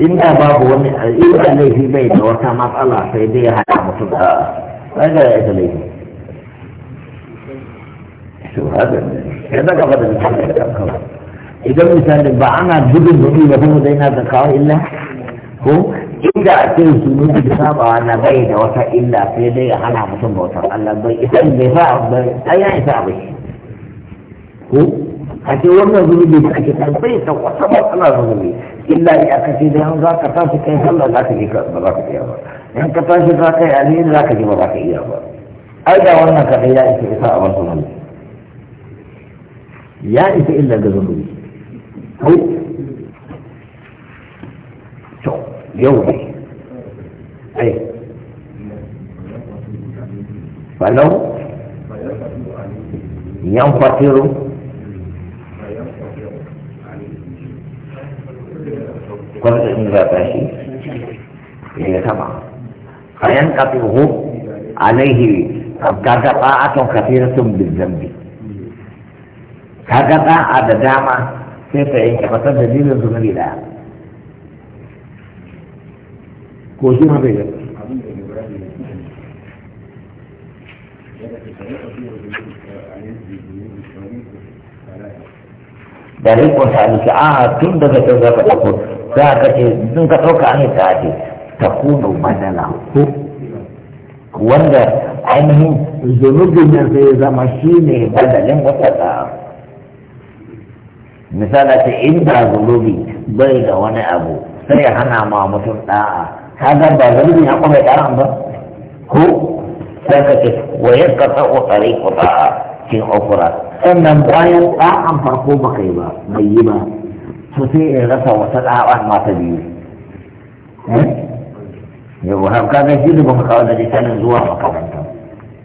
inda babu wani inda laifi bai da wata matsala sai dai ya haɗa mutum da ɗaga ya ita laifi ya daga ba da misali da kawai idan misali ba ana gudun kuɗi ba kuma dai na da kawo illa ko inda a ce su ne da sabawa na bai da wata illa sai dai ya hana mutum bautar Allah bai isa in bai sa bai ai ya isa bai ko a ce wannan zunubi da ake kan sai ta wata matsala zunubi illa ya kace da yan za ka tashi kai sallah za ka ji ba za ka iya ba in ka tashi za ka yi alheri za ka ji ba za ka iya ba ai da wannan kaɗai ya isa isa a wasu nan ya isa illa ga zunubi ko to yau ne ai falau yan fatiru gwamnati in za ta shi ya kayan fayan kafihu alaihi kaga ba'atun kafiratun bil zambi kaga ba'a da dama sai ta yanke fasar da dalilin zunubi daya ko shi ma bai da Thank da rikon ta aliki a tun da can za ka ɗauko za ka ce sun ka ɗauka an yi ta ce ta kuno ko wanda ainihin zunubin ya zai zama shi ne madalin wata da misala ce inda zunubi bai da wani abu sai ya hana ma mutum ka kaga ba zunubi ya kuma da'a ba ko sai ka ce wa yakka ta'u ku ta'a ce okura sannan bayan da'an farko ba kai ba bai yi ba su sai in rasa wata da'an mata biyu eh? yau har ka shi da da zuwa makaranta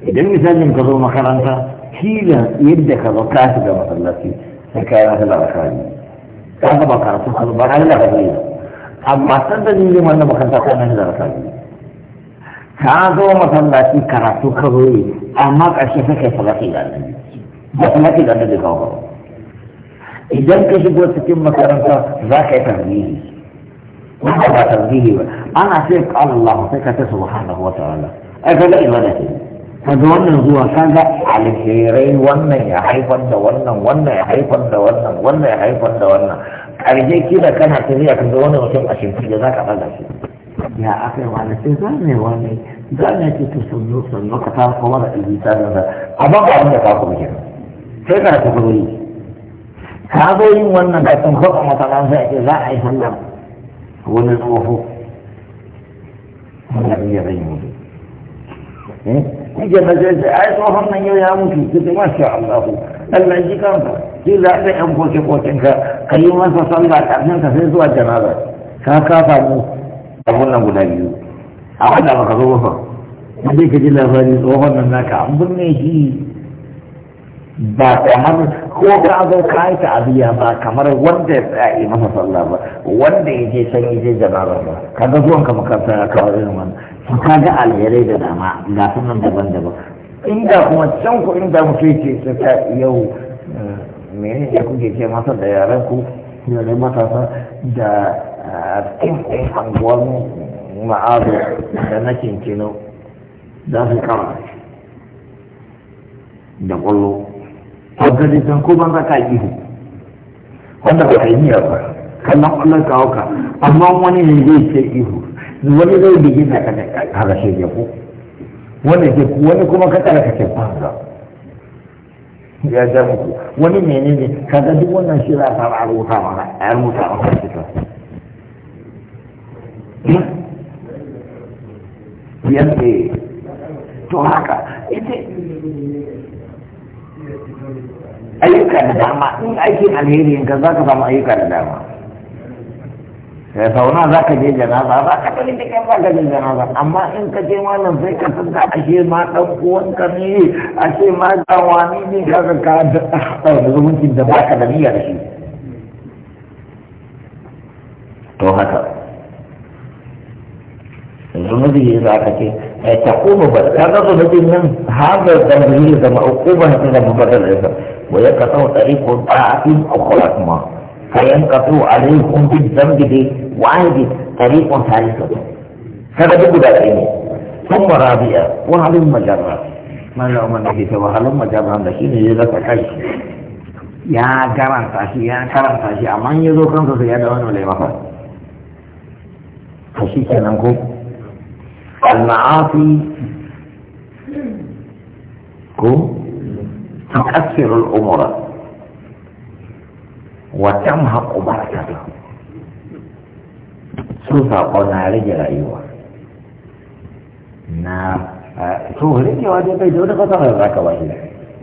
idan misalin ka zo makaranta da yadda ka zo ka shiga masallaci sai ka yi da ba karatu ka zo ba ka da amma san da wannan makaranta ko nan da ka zo masallaci karatu ka zo yi amma ƙarshe sai kai salati da annabi ba salati da annabi ka ba idan ka shigo cikin makaranta za ka yi tarbihi wanda ba tarbihi ba ana ce Allah sai ka ta subhanahu wa ta'ala ai kaga ibada ce ga wannan zuwa ga alherai wannan ya haifar da wannan wannan ya haifar da wannan wannan ya haifar da wannan ƙarshe kila kana tafiya kaga wani mutum a shimfiɗa za ka ɗaga shi ya aka yi wani sai za ne wani za ne ke ta sanyo sanyo ka ta kuma da ibita da a ba ba da ka kuma kira sai ka ta kuma yi ka zo yin wannan da kan kuma matalan sai za a yi sallar wani tsoho wannan ya zai yi mutu eh ke na ce ai tsohon nan yau ya mutu kike masha Allah Allah ji kanka ji za ka yan koke kokin ka kai masa sallah kafin ka sai zuwa janaza ka kafa mu abunan nan guda biyu a wanda baka zo ba zai ka ji labari tsohon nan naka an binne shi ba kamar ko ka zo ka yi ta'aziyya ba kamar wanda ya tsaya yi masa sallah ba wanda ya je san yi je zama ba ka ga zuwan ka makaranta ya kawo irin wannan su ka ga alherai da dama ga nan daban-daban inda kuma can ku inda mutum su ta yau eh, mene ne kuke ce masa da yaran ku yaran matasa da cikin ɗin anguwar ma'azu da na kinkino za su kama da ƙwallo gani san ko ban zaka ihu wanda ba yi niyar ba kallon ƙwallon kawo ka amma wani ne zai ce ihu wani zai bigi na kada kaga shi ya ku wani ke wani kuma ka tsara kake banza ya ja muku wani menene kaga duk wannan shi za a fara a rubuta mana a rubuta mana cikin yadda to haka ita ayyuka da dama in aiki alheri in ka za ka samu ayyuka da dama sai sauna za ka je janaza za ka tafi da kan ka je janaza amma in ka je malam sai ka san ashe ma dan uwan ka ne ashe ma ga wani ne ka ga ka da zumuncin da baka da niyya shi to haka zunubi za ka ce ta kuma ba ka ga zunubin nan hazar da zai zama hukuma ta zama badal da wa ya ka sau tsari ko ta'atin ukhra kuma fa yanqatu alaykum bi dhanbi bi wahid tariqun thalithah kada duk guda ɗaya ne ثم رابعة وهل مجرة ما لو من في وهل مجرة لكن إذا تكلم ya karanta shi ya karanta shi amma ya zo kansa sai ya da wani mai mafa to shi kenan ko المعاصي تكثر الأمور وتمهق بركته سوف قلنا نعم، لا أيوة نعم سوف رجل واجب بيدون قصر ذاك وإلا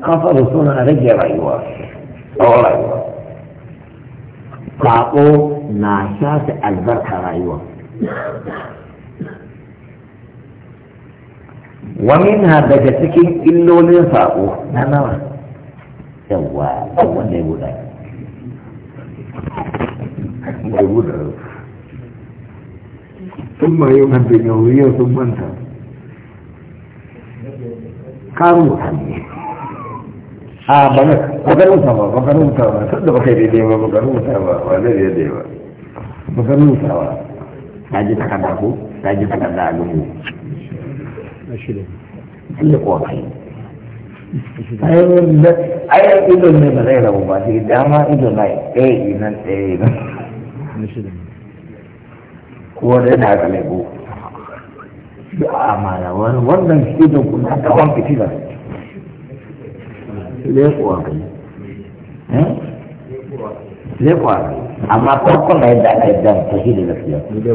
قصر رسولنا لا أيوة أولا أيوة تعطو ما شاف البركة أيوة ومنها دجتكين إلا لنفاقو نانا نعم، نعم. يوا أول نيبودا نيبودا ثم يوم الدنيوية ثم انت كارو حمي آه بلك بقرو سوا بقرو سوا صدق خيري ديوا سوا سوا Allah kokai ne ba zai rabu ba sai dama idon na ɗaya inan ɗaya nan, kuwa da yana galibu da amala wannan idon kuna ta wani fitila lekuwa kai lekuwa kai amma farkon na yadda aka ta shi da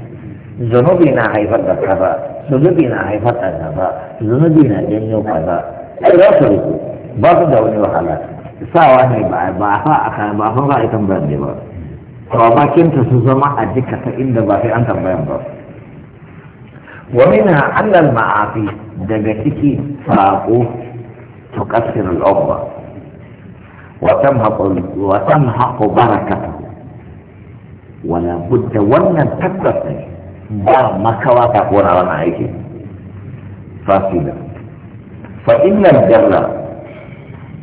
zunubi na haifar da kaza zunubi na haifar da kaza zunubi na janyo kaza ai za su riko ba su da wani wahala sawa ne ba ba fa aka ba fa ba ita ba ne ba to bakin ta su zama a jika ta inda ba sai an tambayan ba wa minha anna al ma'afi daga ciki saqo tuqassir al umma wa tamhaqu wa tamhaqu barakatuhu wala budda wannan tabbata ne ba makawa ta kona wannan aiki fasida fa innal jarra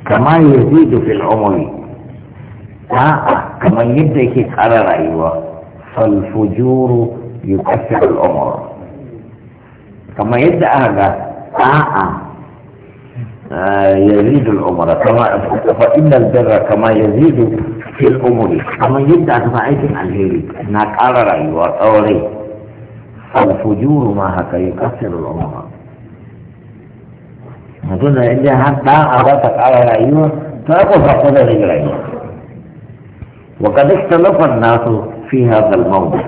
kama yazidu fil umri ta'a kamar yadda yake ƙara rayuwa fal fujuru yukaffir al umr kamar yadda aka ga ta'a يزيد العمر كما فإن البر كما يزيد في الأمور كما يبدأ تفاعيك الهيري ناك على رأي وطوري الفجور ما هكا يكسر العمر أظن إن حتى أضافت على العيون فأقول فقد رجلين وقد اختلف الناس في هذا الموضع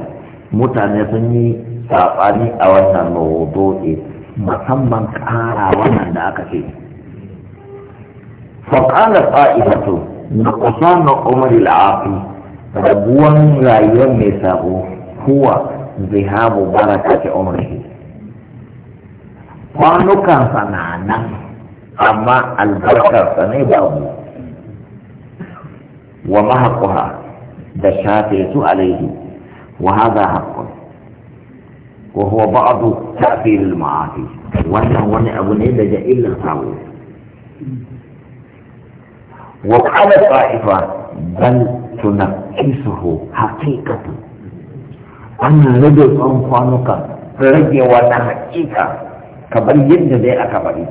متنظني ساقاني أو أن الموضوع مسمى كارا وانا داك فيه فقال طائفة نقصان عمر العاقل ربوان رايون يوم هو ذهاب بركة عمره kwanukan sana'ana amma albarkar sa ne babu wa mahaquha da shafe su alaihi wa hadha haqqun wa huwa ba'du ta'thir al-ma'asi wannan wani abu ne daga illan sawo wa qala ta'ifa bal tunakisuhu haqiqatan ana rage tsawon kwanuka ragewa na hakika kamar yadda zai aka bari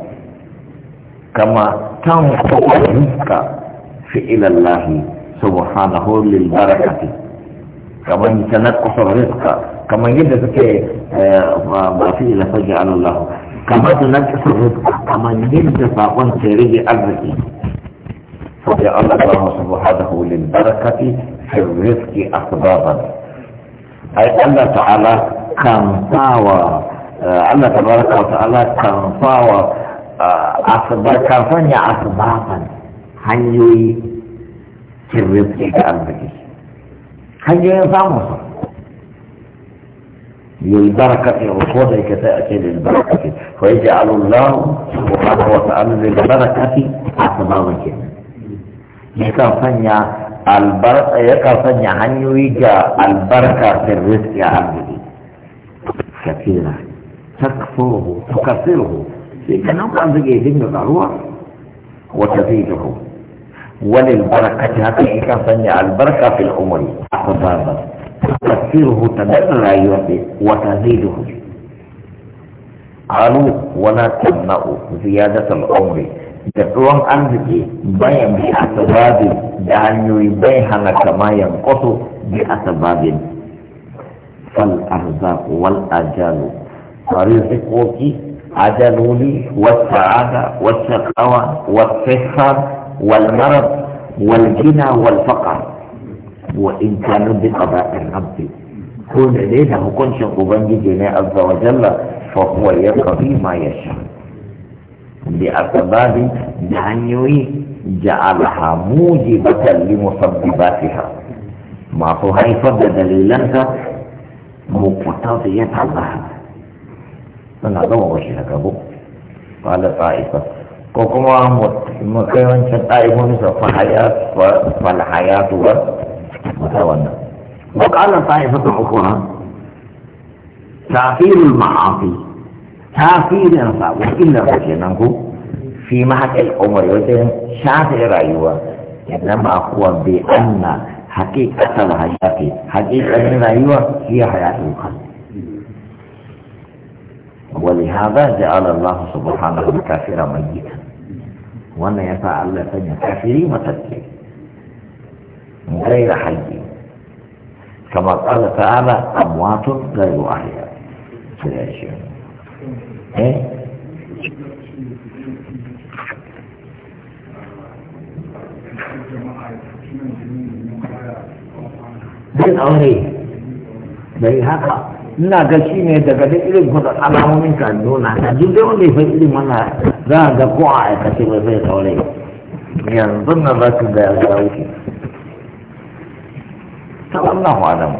kama tan rizka fi ilallahi subhanahu lil barakati kamar sanar tanakkusa rizka kamar yadda suke eh, ba fi ila faja'ala Allah kamar tanakkusa rizka kamar yadda sakon ke rage arziki فجعل الله سبحانه للبركة في الرزق أسبابا أي أن تعالى كان صاوى آه، أن تبارك وتعالى كان صاوى أصبر آه، كان صنع أصبابا حنيوي كريت إيجا أنبكي حنيوي للبركة وصوده كتأتي للبركة ويجعل الله سبحانه وتعالى للبركة أصبابا كريت إيجا albarka ya yakan sanya hanyoyi ga albarka fil rizqi arziki kafira takfuruhu tukasiruhu sai ka nan kan zuge dinga karuwa wa taziduhu walil barakati haka yakan sanya albarka fil umri akhbaba tukasiruhu tadalla rayuwati wa taziduhu قالوا ولا تمنعوا زيادة العمر da ruwan arziki bayan bi asbabin da hanyoyi bai hana kama yankoso bi asbabin fal arzaq wal ajalu rizqoki ajaluli والسعادة والشقاوة والصحة والمرض والجنى والفقر وإن كانوا بقضاء الرب كل ليلة كنش أبنجي جناء عز وجل فهو يقضي ما يشاء لأسباب دانيوي جعلها موجبة لمسبباتها ما هي فضل دليلانك مقتضية لها من هذا ما وشي لك قال طائفة وكما مكيون شطائفون فالحياة فالحياة وتولى وقال طائفة أخرى تعفير المعاصي تاثير انسا وكل شيء نكو في ما حق العمر يوتين شاف الرايوا كما بان حقيقه الحياه حقيقه الرايوا هي حياه القلب ولهذا جعل الله سبحانه الكافر ميتا وانا يفع الله فن كافري متكي من غير حي كما قال تعالى اموات غير احياء في الاشياء Eh? zai aure bai haka ina ga shi ne daga duk irin kusa alamomin ka nuna na duk da wanda ya irin mana za a ga ko a aikace ba zai aure yanzu na za ka ga ya wuce ta wannan wa adamu